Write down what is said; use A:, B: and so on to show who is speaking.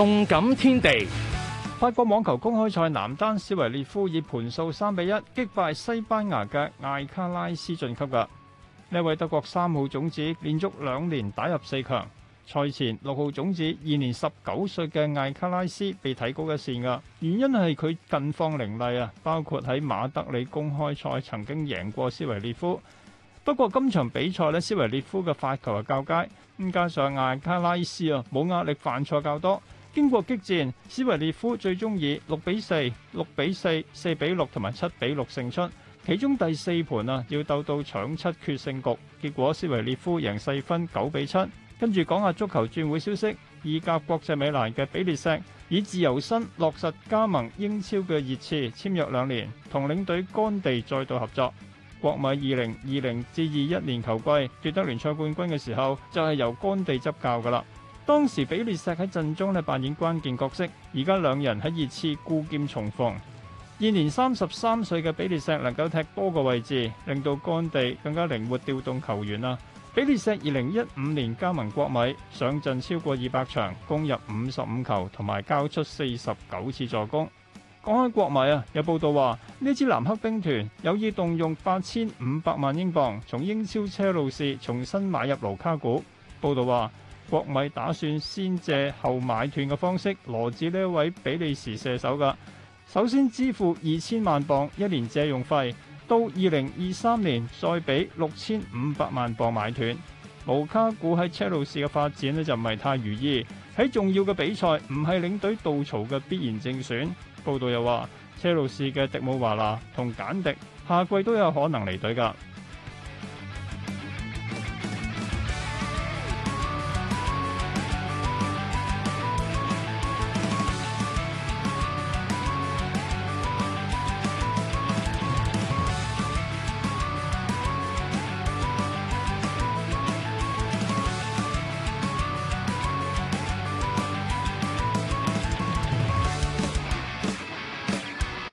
A: 動感天地，法國網球公開賽男單施維列夫以盤數三比一擊敗西班牙嘅艾卡拉斯晉級嘅。呢位德國三號種子連續兩年打入四強。賽前六號種子現年十九歲嘅艾卡拉斯被睇高一線嘅，原因係佢近況凌厲啊，包括喺馬德里公開賽曾經贏過施維列夫。不過今場比賽呢，施維列夫嘅發球係較佳，咁加上艾卡拉斯啊冇壓力，犯錯較多。經過激戰，施維列夫最終以六比四、六比四、四比六同埋七比六勝出，其中第四盤啊要鬥到搶七決勝局，結果施維列夫贏四分九比七。跟住講下足球轉會消息，意甲國際米蘭嘅比列錫以自由身落實加盟英超嘅熱刺，簽約兩年，同領隊干地再度合作。國米二零二零至二一年球季奪得聯賽冠軍嘅時候，就係、是、由干地執教㗎喇。當時比列錫喺陣中咧扮演關鍵角色，而家兩人喺熱刺故劍重逢。現年三十三歲嘅比列錫能夠踢多個位置，令到干地更加靈活調動球員啦。比列錫二零一五年加盟國米，上陣超過二百場，攻入五十五球，同埋交出四十九次助攻。講開國米啊，有報道話呢支藍黑兵團有意動用八千五百萬英鎊從英超車路士重新買入盧卡古。報道話。國米打算先借後買斷嘅方式羅致呢位比利時射手㗎。首先支付二千萬鎊一年借用費，到二零二三年再俾六千五百萬鎊買斷。盧卡庫喺車路士嘅發展呢，就唔係太如意，喺重要嘅比賽唔係領隊杜曹嘅必然正選。報道又話車路士嘅迪姆華拿同簡迪下季都有可能離隊㗎。